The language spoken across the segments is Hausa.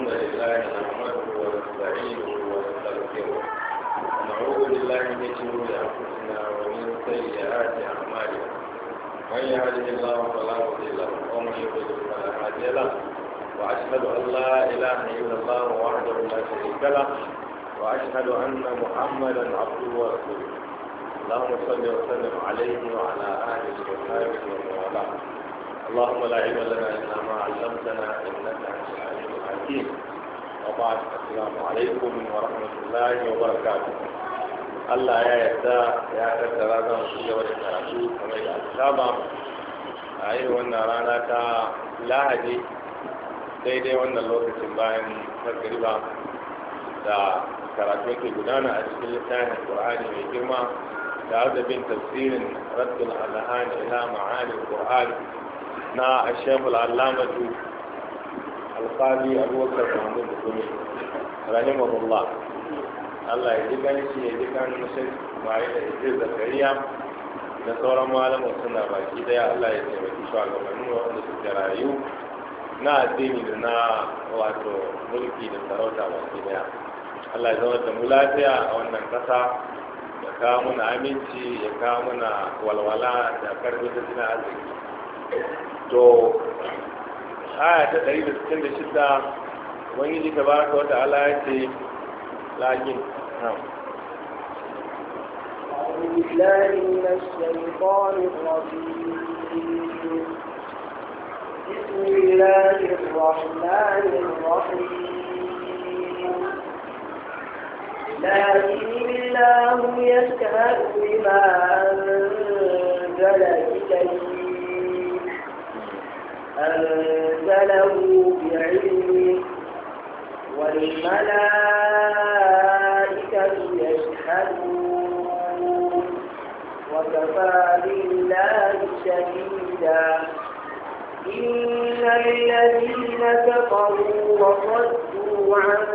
الحمد لله نحمده ونستعينه ونستغفره ونعوذ بالله من شرور انفسنا ومن سيئات اعمالنا من يهده الله فلا مضل له ومن يضلل فلا هادي له واشهد ان لا اله الا الله وحده لا شريك له واشهد ان محمدا عبده ورسوله اللهم صل وسلم عليه وعلى اله وصحبه ومن والاه اللهم لا علم لنا الا ما علمتنا انك انت العليم الحكيم وبعد السلام عليكم ورحمه الله وبركاته الله يا يدا يا كتر رضا مسجد وجهك العزيز وليل الاسلام اي وانا رانك لا هدي سيدي وانا اللوك تنباين تقريبا دا كراتيكي قدانا اسفل الثاني القرآن ويجرما دا عدد بين تفسير رد الالهان na ashebul alamatu alfali abubakar mahmud kuni rahimahullah allah ya ji ganci ya ji gani musul mai da idris zakariya da sauran malaman suna baki daya allah ya taimaki shugabannin wanda suka rayu na addini da na wato mulki da sarauta baki daya allah ya zama da mu lafiya a wannan kasa ya kawo mana aminci ya kawo mana walwala da karfi da suna arziki to aya ta 166 wani ji tabaraka wa ta'ala ya ce lakin بالله من الشيطان الرجيم بسم الله الرحمن الرحيم لكن الله يشهد بما أنزل إليك أنزله بعلمه والملائكة يشهدون وكفى بالله شهيدا إن الذين كفروا وصدوا عن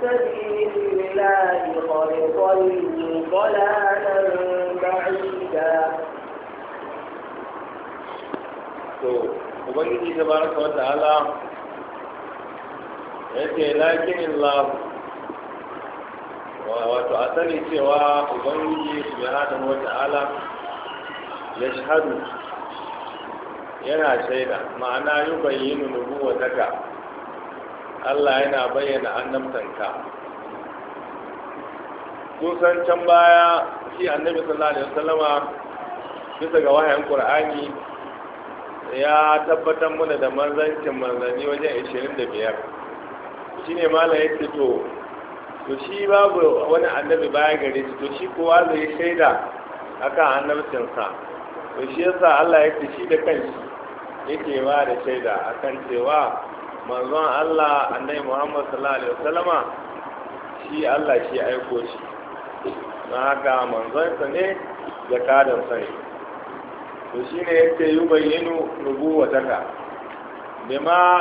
سبيل الله قد ضلوا ضلالا بعيدا ubangiji ta baraka wa ta'ala ya ce lakinin lahu wato a sani cewa ubangiji su bai hada wa ta'ala ya shahadu yana shaida ma'ana yi bayyana nubuwa daga allah yana bayyana annabtanka san can baya shi annabi sallallahu alaihi wasallama bisa ga wahayin qur'ani ya tabbatar muna da manzancin manzanni wajen 25 shi ne mala ya ce to to shi babu wani annabi baya gare shi to shi kowa zai shaida a kan annabcinsa to shi yasa Allah ya ce shi da kanshi yake ba da shaida a kan cewa manzon Allah annabi Muhammad sallallahu alaihi wasallama shi Allah shi aiko shi na haka manzon sa ne da kadan sai to shi ne yake yi bayyinu an zala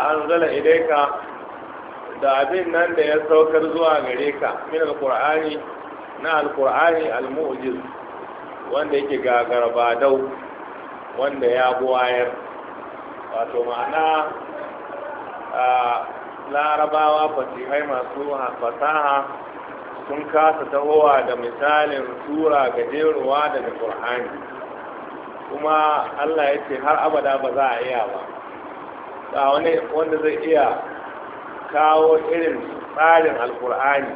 anzala ka da abin nan da ya saukar zuwa gare ka min alqur'ani na alqur'ani almu'jiz wanda yake gagara dau wanda ya buwayar wato ma'ana a larabawa fasihai masu fasaha sun kasa tahowa da misalin tura gajeruwa daga ƙur'ani. kuma Allah ya ce har abada ba za a iya ba ga wani wanda zai iya kawo irin tsarin alkur'ani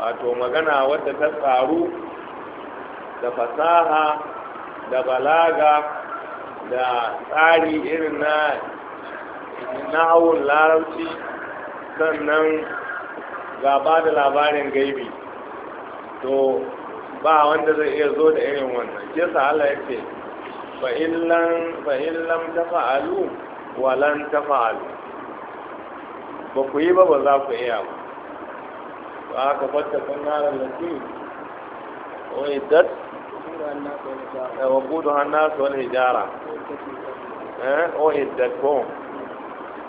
wato magana wadda ta tsaru da fasaha da balaga da tsari irin na nahawun larabci sannan gaba da labarin gaibi to ba wanda zai iya zo da irin wannan kisa Allah ya ce fa'in lam ta fa'alu wa lan ta fa'alu ba ku yi ba ba za ku iya ba ba aka fata kan harin lafi wani dat wa kudu hannasu wani hijara eh o iddat ko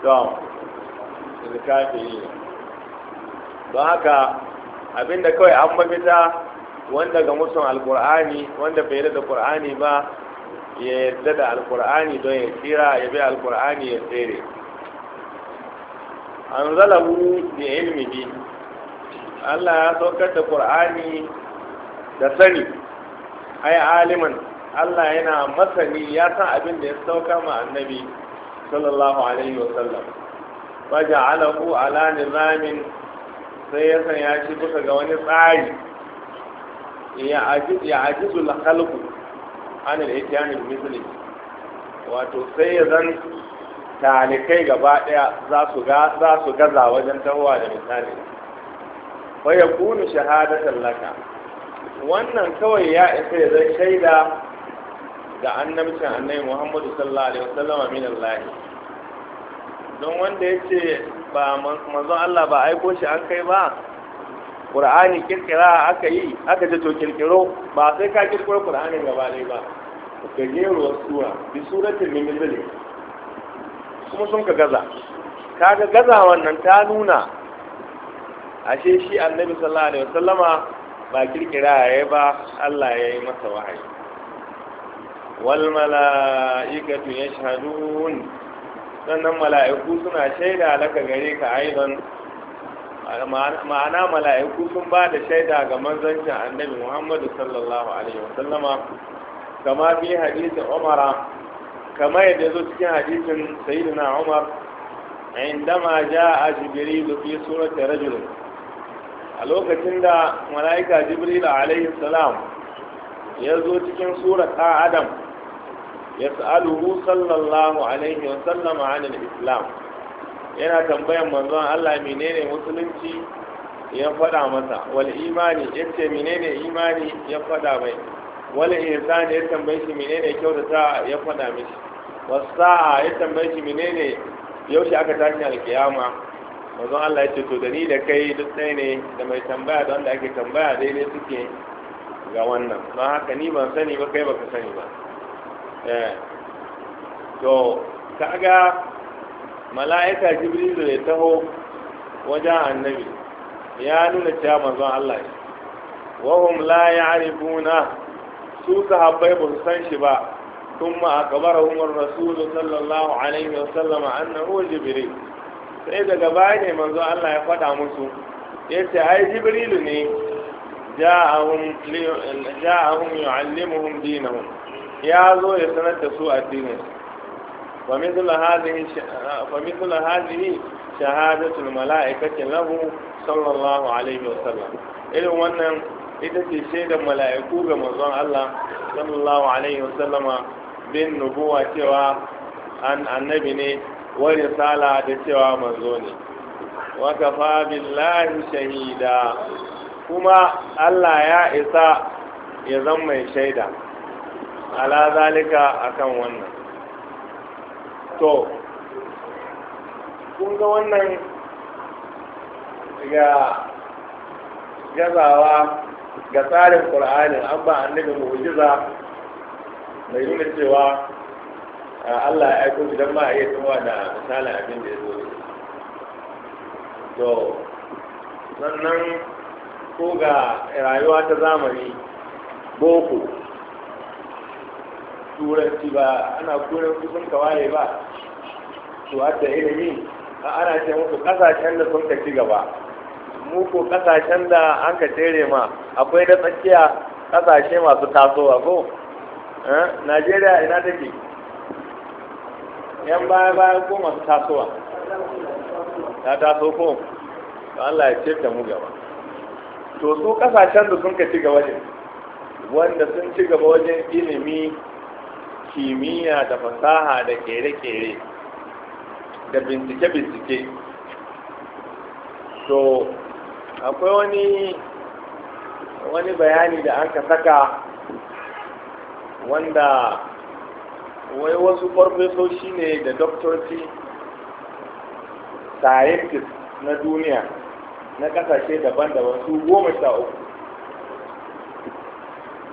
to zikafiri Ba haka abinda kawai an mafita wanda ga musulun alkur'ani wanda bai da qur'ani ba ya yarda da alkur'ani don ya tsira ya bi alkur'ani ya tsere an zalabu da ilmihi allah ya saukar da kur'ani da sani ai aliman allah yana masani ya san abin da ya sauka ma annabi sallallahu alaihi wasallam faja alahu ala nizamin sai ya ci shi bisa ga wani tsari ya ajizu lakalku. anil itiyanil misali wato sai ya zan talikai gaba daya za su ga za su gaza wajen tahowa da misali fa yakunu shahadatan laka wannan kawai ya isa ya zan shaida ga annabcin annabi Muhammadu sallallahu alaihi wasallam min Allah don wanda yace ba manzon Allah ba aiko shi an kai ba Ƙur'ani kirkira aka yi aka ji to kirkiro ba sai ka kirkiro kur'ani gaba ɗaya ba gajeruwar suwa bi suratul min kuma sun ka gaza kaga gaza wannan ta nuna ashe shi annabi sallallahu alaihi wasallama ba kirkira ya ba Allah ya yi masa wahayi wal mala'ikatu yashhadun sannan mala'iku suna shaida laka gare ka aidan ma'ana mala'iku sun ba da shaida ga manzancin annabi muhammadu sallallahu alaihi wasallama kama fi hadisi umara kama yadda zo cikin hadisin sayyidina umar indama ja'a jibril fi surati rajul a lokacin da mala'ika jibril alaihi salam ya zo cikin surat adam ya sa'aluhu sallallahu islam yana tambayan manzon Allah menene musulunci ya faɗa masa wal imani yace menene imani ya faɗa mai wal ihsan ya tambaye shi menene kyautata ya faɗa mishi was sa'a ya tambaye shi menene yaushe aka tashi alkiyama manzon Allah ya ce to da ni da kai duk ɗaya ne da mai tambaya da wanda ake tambaya daidai suke ga wannan don haka ni ban sani ba kai baka sani ba eh. to kaga mala'ika jibrilu ya taho wajen annabi ya nuna cewa manzon Allah ne wahum la ya'rifuna su habbai ba su san shi ba ثم umar rasul sallallahu alaihi wa وسلم annahu jibril sai daga baya ne manzon Allah ya faɗa musu ya ce ai jibrilu ne ja'ahum yu'allimuhum dinahum ya zo ya sanar da su addinin فمثل هذه فمثل هذه شهادة الملائكة له صلى الله عليه وسلم إلى أن إذا تشهد ملائكة بمزون الله صلى الله عليه وسلم بالنبوة سوى أن النبي ورسالة سوى منزوني وكفى بالله شهيدا كما الله يا إساء يزم شهيدا على ذلك أكون to kun ga wannan ga gazawa ga tsarin ƙul'ani an ba annabi mu'jiza mai nuna cewa Allah ya aiko shi don ma a iya tuwa da misalin abin da ya zo to sannan ko ga rayuwa ta zamani boko turanci ba ana turanci kusan kawaye ba to da ilimi ana ce musu kasashen da sun ka ci gaba mu ko kasashen da an ka tere ma akwai da tsakiya kasashe masu tasowa ko eh, najeriya ina take yan baya baya ko masu tasowa ta taso ko Allah ya ce ta mu gaba to su kasashen da sun ka ci gaba ne wanda sun ci gaba wajen ilimi kimiyya da fasaha da kere-kere da bincike-bincike to akwai wani wani bayani da an ka saka wanda wai wasu farfesoshi ne da doktoci scientist na duniya na kasashe daban-daban su goma sha uku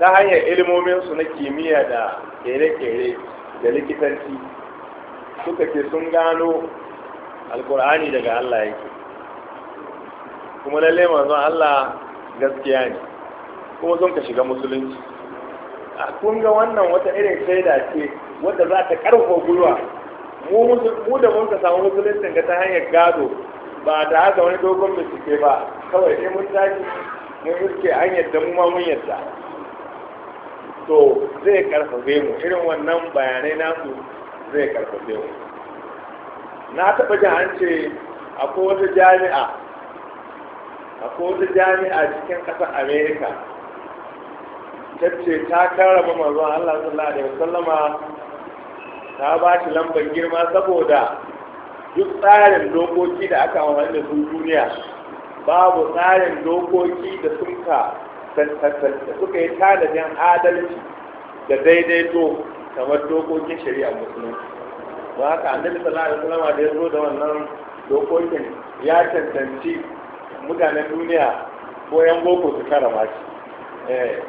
ta hanyar ilmominsu na kimiyya da kere-kere da likitanci suka ce sun gano alkur'ani daga Allah yake kuma lalle manzon Allah gaskiya ne kuma sun ka shiga musulunci a kun ga wannan wata irin shaida ce wadda za ta karfa gwiwa mu da mun ka samu musuluncin ga ta hanyar gado ba da haka wani dogon bincike ba kawai sai mun tashi mun iske hanyar da mu ma mun yadda to zai karfafe mu irin wannan bayanai nasu zai karfafe mu na taɓa jin an ce akwai wata jami'a akwai wata jami'a cikin ƙasar Amerika. ta ce ta karrama manzon allah sallallahu alaihi wasallama ta ba shi lambar girma saboda duk tsarin dokoki da aka amfani da su duniya babu tsarin dokoki da sun da suka yi talibin adalci da daidaito kamar dokokin shari'a musulunci ba haka annabi sallallahu alaihi wasallam da ya zo da wannan dokokin ya cancanci mutanen duniya ko yan boko su kara shi eh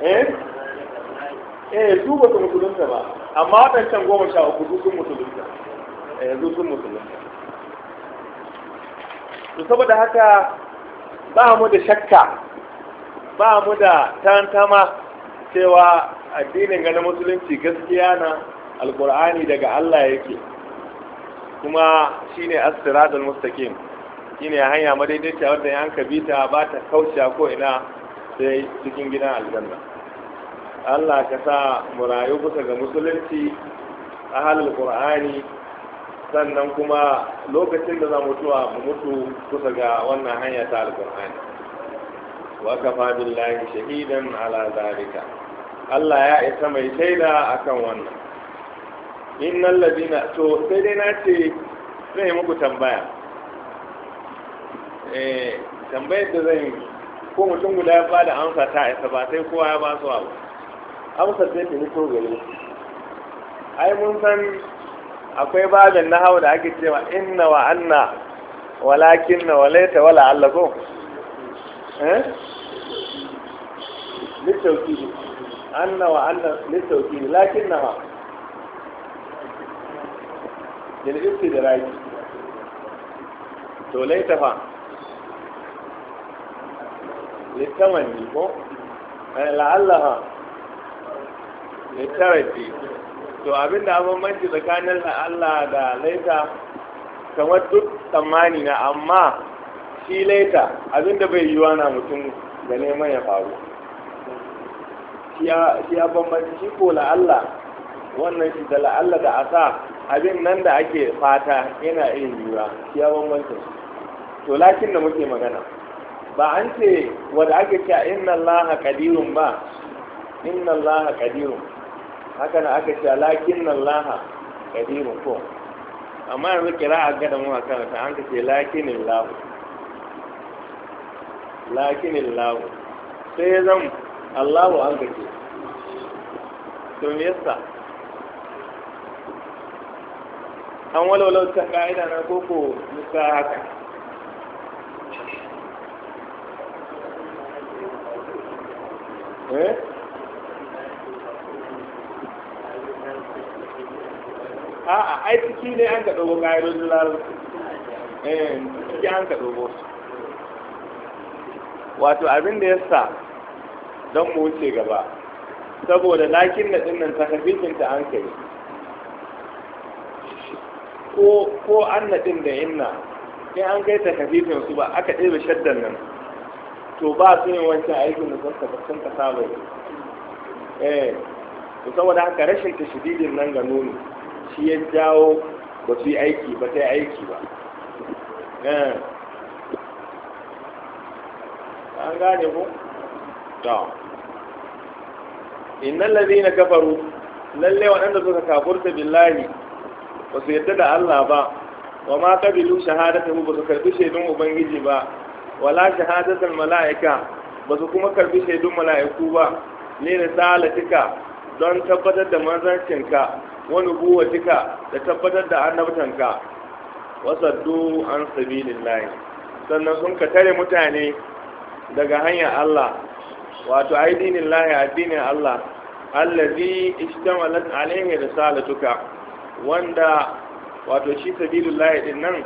eh eh su ba su musulunta ba amma waɗancan goma sha uku su sun musulunta eh su sun musulunta to saboda haka ba mu da shakka ba mu da tantama cewa addinin ga musulunci gaskiya na alkur'ani daga Allah yake kuma shine as-siratal mustaqim shine hanya madaidaiciya wanda yan bita, ba ta kauce ko ina sai cikin gidan aljanna Allah ka sa mu rayu bisa ga musulunci halin qur'ani sannan kuma lokacin da za mutuwa mu mutu kusa ga wannan hanya ta alkur'ani wa kafa billahi shahidan ala zalika Allah ya isa mai shaida akan wannan innal ladina to sai dai na ce zai muku tambaya eh tambayar da zan ko mutum guda ya bada amsa ta isa ba sai kowa ya ba su abu amsa zai ta hito gani ai mun san akwai babin na hau da ake cewa inna wa anna walakin na walaita wala allako eh littauki anna wa anna littauki lakin na ha jirgisti da raki to laita fa littaman ko eh, la'allaha littarafi to abin da manci tsakanin Allah da laita kamar duk tsammani na amma shi laita abin da bai wa na mutum da neman ya faru shi ya bambanci shi ko la'alla wannan shi da la'alla da asa abin nan da ake fata yana irin yiwa shi ya bambanci to lakin da muke magana ba an ce wadda ake cewa inna allaha kadirun ba inna allaha kadirun haka na aka ce lakin nan laha kadirun ko amma yanzu kira a gada mu akan ta an ka ce lakinin lahu lakinin lahu sai ya zama allahu an ka ce to me yasa an walwalau ta ka'ida na koko musa haka eh a'a ai ciki ne an ka dogo ƙa'idodin larabci eh ciki an ka dogo wato abin da ya sa don mu wuce gaba saboda lakin da dinnan takafikin ta an kai ko ko an na din da inna sai an kai takafikin su ba aka ɗebe shaddan nan to ba su yin wancan aikin da sun taɓa sun kasa bai eh to saboda haka rashin tashididin nan ga nuni shi ya jawo ba su yi aiki ba ta yi aiki ba eh. an gane ku? ta innan na kafaru lalle waɗanda suka kafurta billahi ba su yadda da Allah ba wa ma kabilu shahadatahu ba su karbi shaidun ubangiji ba wala shahadatul mala'ika ba su kuma karfi shaidun mala'iku ba ne risalatika don tabbatar da manzancinka Wani nubuwatika da tabbatar da annabtanka wasaddu an sabilillahi sannan sun ka tare mutane daga hanyar Allah wato aidinin layi addinin Allah allazi ishtamalat alaihi risalatuka wanda wato shi sabilillahi din nan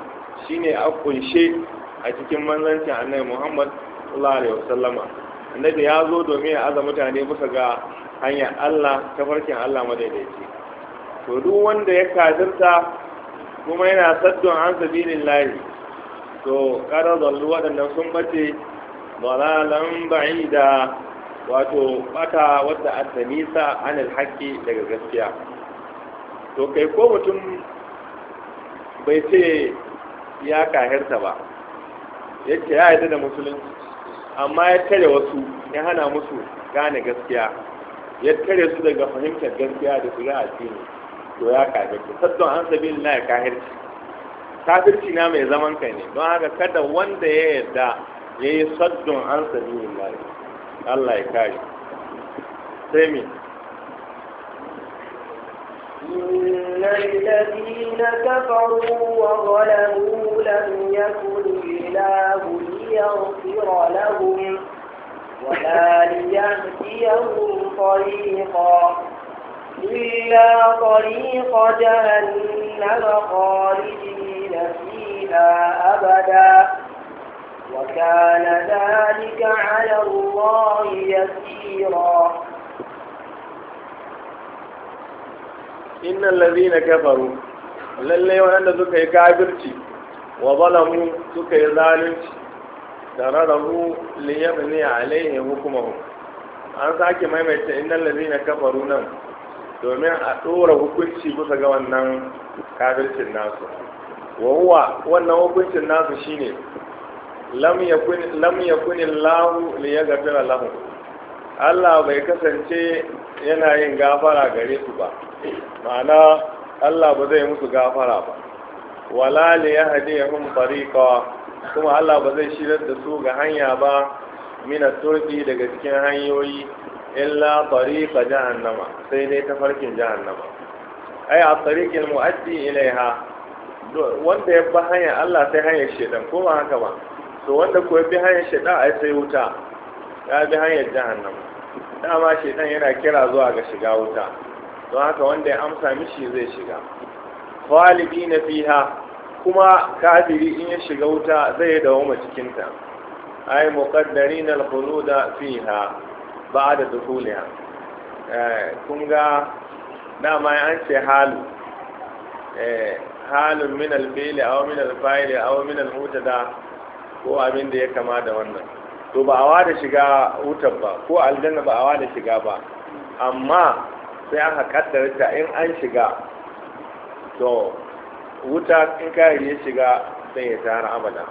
shine a kunshe a cikin manzancin annabi Muhammad sallallahu alaihi wasallama annabi ya zo domin ya aza mutane bisa ga hanyar Allah ta farkin Allah madaidaici to duk wanda ya kafirta kuma yana saddon an sabilin lahi to ƙara zallu waɗannan sun bace dalalan ba'ida wato bata wata a nisa haƙƙi daga gaskiya to kai ko mutum bai ce ya kahirta ba yake ya yi da musulunci amma ya tare wasu ya hana musu gane gaskiya ya tare su daga fahimtar gaskiya da su ga addini to ya kafirci saddon an sabilin na ya kahirci kafirci na mai zaman kai ne don haka kada wanda ya yarda ya yi saddon an sabilin na Allah ya kare sai mi إن الذين كفروا وظلموا لم يكن الله ليغفر لهم ولا ليهديهم طريقا إلا طريق جهنم خالدين فيها أبدا وكان ذلك على الله يسيرا إن الذين كفروا للي وأن ذكي كابرتي وظلموا ذكي ذلك ترره ليبني عليهم حكمهم أنا ساكي ما يمشي إن الذين كفروا نم domin a ɗora hukunci bisa ga wannan kafircin nasu wa wannan hukuncin nasu shine lam yakun lahu yakun ya li yaghfira Lahu. Allah bai kasance yana yin gafara gare su ba ma'ana Allah ba zai musu gafara ba wala li yahdihum tariqa kuma Allah ba zai shirar da su ga hanya ba mina turki daga cikin hanyoyi illa tariqa jahannama sai dai farkin jahannama ai a tariqil mu'addi ilaiha wanda ya bi hanya Allah sai hanyar shedan ko ba haka ba to wanda ko bi hanyar shedan ai sai wuta ya bi hanyar jahannama dama shedan yana kira zuwa ga shiga wuta don haka wanda ya amsa mishi zai shiga khalidina fiha kuma kafiri in ya shiga wuta zai dawo cikin ta ai muqaddarin al-khuluda fiha ba da dukuliya eh, kun ga dama an ce halu eh, halun min alfili aw min alfa'ili aw min da, ko abin da ya kama da wannan to ba awa da shiga wutar ba ko aljanna ba awa da shiga ba amma sai aka kaddara ta in an shiga to wuta in kayan ya shiga sai ya tara abada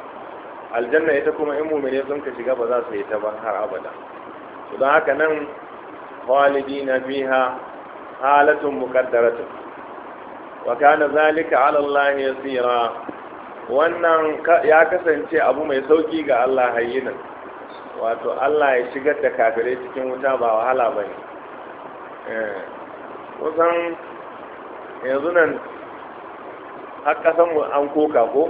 aljanna ita kuma in mumine sun ka shiga ba za su yi ta ba har abada su don haka nan walidi na biya halatun mukaddaratun wa kana zalika ala Allah yasira wannan ya kasance abu mai sauki ga Allah hayyinan wato Allah ya shigar da kafire cikin wuta ba wahala ba ne eh, kusan yanzu nan har kasanmu an koka ko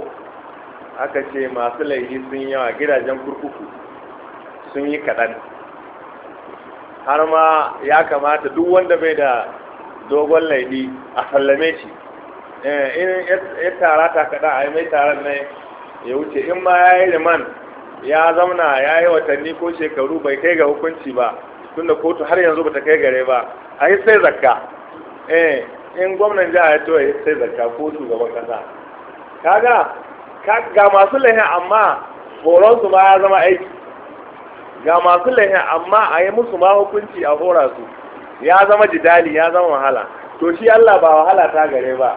aka ce masu laifi sun yawa gidajen kurkuku sun yi kaɗan har ma ya kamata duk wanda bai da dogon laifi a sallame shi eh, in ya tara ta kaɗa a yi mai taron ne ya wuce in ma ya yi liman ya zamna ya yi watanni ko shekaru bai kai ga hukunci ba tunda kotu har yanzu ba ta kai gare ba a yi sai zakka eh, in gwamnan jiha ya yi sai zakka ko shugaban kasa kaga ga masu lahi amma horonsu ma ya zama aiki ga masu laifin amma a yi musu ma hukunci a hora su ya zama jidali ya zama wahala to shi Allah ba wahala ta gare ba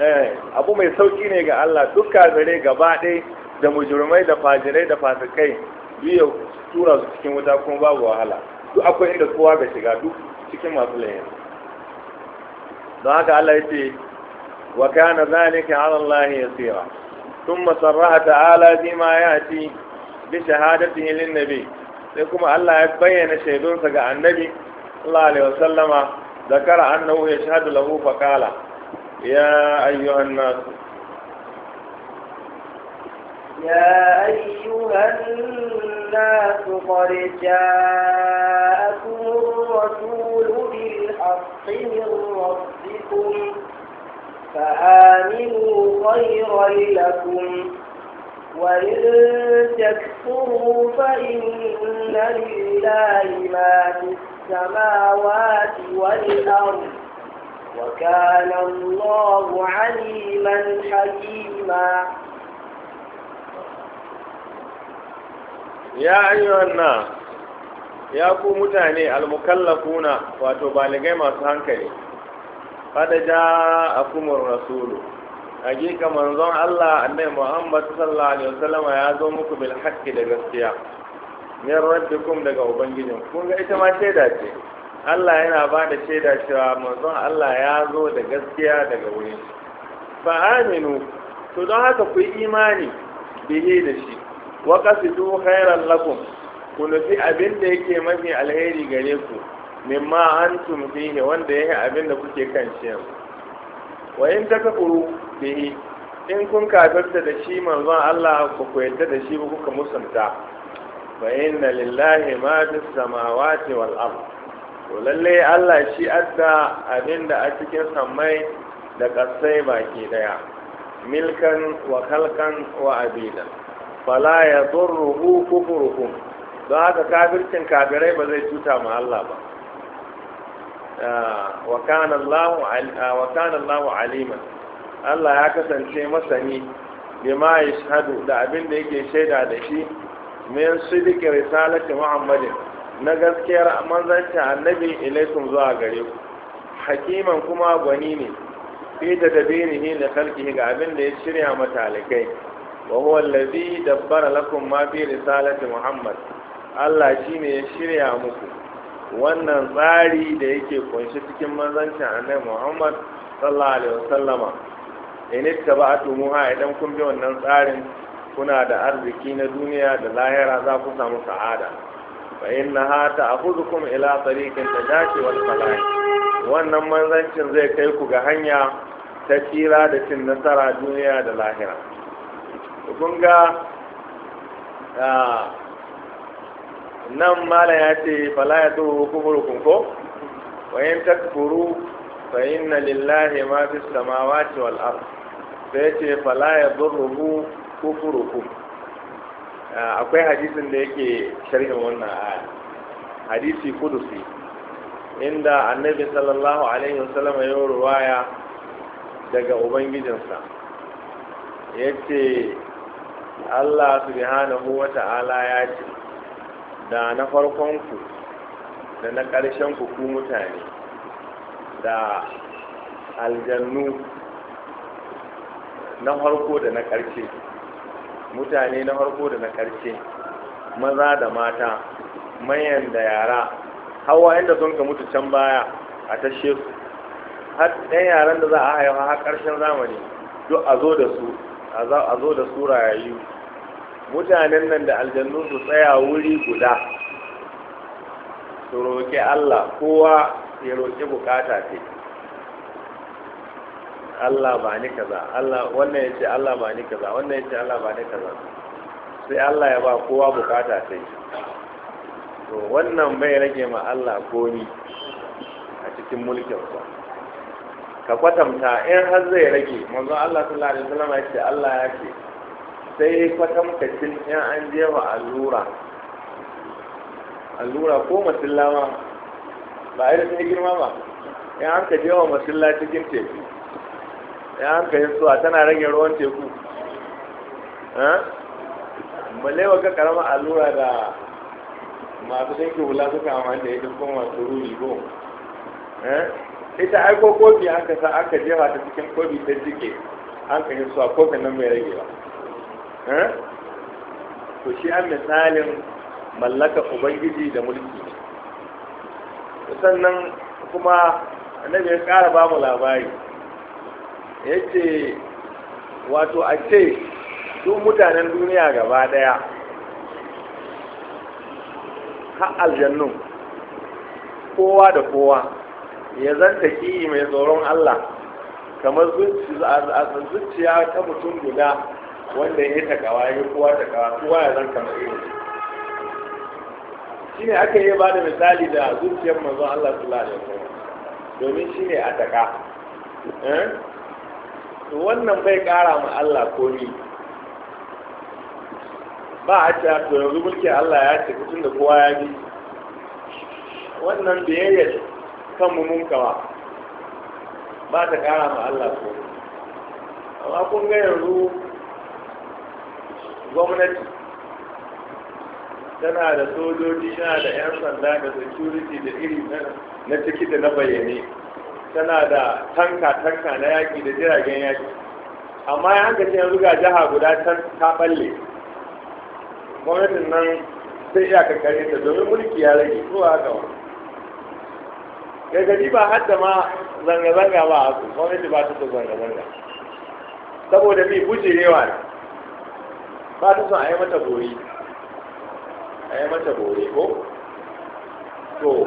eh abu mai sauki ne ga Allah dukkan gare gaba ɗaya da mujurmai da fajirai da fasikai biyo tura su cikin wuta kuma babu wahala duk akwai inda kowa ga shiga duk cikin masu laifin don haka Allah ya ce wa kana zalika ala Allah yasira ثم sarraha ta'ala bima ya'ti بشهادته للنبي لكم الله يبين شهدون سجع النبي الله عليه وسلم ذكر أنه يشهد له فقال يا أيها الناس يا أيها الناس قد جاءكم الرسول بالحق من ربكم فآمنوا خيرا لكم وإن تكفروا تكفروا فإن لله ما في السماوات والأرض وكان الله عليما حكيما يا أيها الناس ya ku mutane almukallafuna wato baligai masu hankali kada ja akumar rasulu hakika manzon Allah annabi Muhammad sallallahu alaihi wasallam ya zo muku bil haqqi da gaskiya min rabbikum daga ubangijin kun ga ita ma shaida ce Allah yana ba da shaida cewa manzon Allah ya zo da gaskiya daga wuri. fa aminu to don haka ku imani bihi da shi wa qasidu khairan lakum ku nufi abin da yake mafi alheri gare ku mimma antum fihi wanda yake abin da kuke kan shi yanzu wa in da yi in kun kafirta da shi manzon Allah ku ku da shi kuka musanta. fa inna lillahi ma fis samawati wal ard to lalle Allah shi adda abinda a cikin samai da kasai baki daya milkan wa khalqan wa abida fala yadurruhu kufruhum don haka kafircin kafirai ba zai cuta ma Allah ba wa kana Allahu alima Allah ya kasance masani bima yashhadu da abin da yake shaida da shi min sidiki risalati Muhammadin na gaskiyar manzancin annabi ilaikum zuwa gare ku hakiman kuma gwani ne fi da ne da khalqihi ga abin da ya shirya matalikai wa huwa allazi dabbara lakum ma fi risalati Muhammad Allah shine ya shirya muku wannan tsari da yake kunshi cikin manzancin annabi muhammad sallallahu alaihi wasallama in ha idan kun bi wannan tsarin kuna da arziki na duniya da lahira za ku samu sa'ada fa ta ta'khudhukum ila tariqin tajati wal falah wannan manzancin zai kai ku ga hanya ta tsira da cin nasara duniya da lahira kun ga ah, nan mala ya ce fala ya tuhu kufurukun ko Wayan in takfuru fa inna lillahi ma fi samawati wal ard sai ce fala ya durruhu kufurukun akwai hadisin da yake sharhin wannan aya hadisi kudusi inda annabi sallallahu alaihi wasallam ya ruwaya daga ubangijinsa ya ce allah subhanahu wa ta'ala ya ce da na farkonku da na ƙarshen ku mutane da aljannu na farko da na ƙarshe mutane na farko da na ƙarshe maza da mata mayan da yara hawa inda sun ka mutu can baya a tashe su har ɗan yaran da za a haifa har ƙarshen zamani duk a zo da su a zo da su rayayyu mutanen nan da aljannu su tsaya wuri guda su roƙi Allah kowa ya roƙi bukata ce Allah ba ni kaza Allah wannan ya ce Allah ba ni kaza wannan ya ce Allah ba ni kaza sai Allah ya ba kowa bukata ce to wannan bai rage ma Allah komi a cikin mulkin sa ka kwatanta in har zai rage manzo Allah sallallahu alaihi wasallam yace ce Allah ya ce sai kwatankwacin yan an wa allura allura ko masulla ma ba a yi girma ba yan an ka wa masulla cikin teku yan an ka suwa tana rage ruwan teku balewa ka karama allura da masu dinki wula suka amfani da ita kuma masu ruri go ita aiko kofi an ka sa an ka jefa ta cikin kofi ta jike an ka suwa kofin nan mai ragewa Eh? to shi an misalin mallaka ubangiji da mulki sannan kuma annabi ya ƙara ba mu labari ya ce wato a ce duk mutanen duniya gaba daya har aljannu kowa da kowa ya zanta ki mai tsoron Allah kamar zuciya ta mutum guda wanda ya yi takawa ya yi kowa takawa kowa ya zanka mai yi shi ne aka yi ba da misali da zuciyar manzon Allah sallallahu alaihi wasallam domin shi ne a taka eh? to wannan bai kara ma Allah komi ba a ta to yanzu mulki Allah ya ce tun da kowa ya bi wannan biyayya kan mu mun kawa ba ta kara ma Allah komi amma kun ga yanzu gwamnati tana da sojoji tana da 'yan sanda da security da iri na ciki da na bayyane tana da tanka-tanka na yaƙi da jiragen yaƙi amma ya hankali yanzu ga jiha guda ta balle gwamnatin nan sai iya kakare ta domin mulki ya rage ko haka ba gargadi ba hadda ma zanga-zanga ba a su gwamnati ba ta zanga-zanga saboda mai bujirewa ne ba sun son a yi mata bori a yi mata bori ko to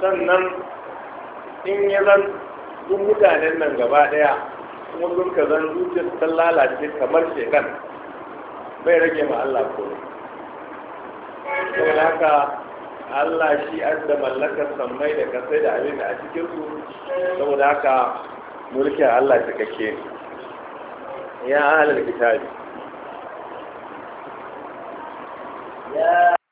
sannan in ya zan duk mutanen nan gaba daya kuma sun ka zan zuciyar ta lalace kamar shekan bai rage ma Allah ko saboda haka Allah shi an da mallakar sammai da kasai da abin da a cikin su saboda haka mulkin Allah cikakke ne ya ahalar kitabi يا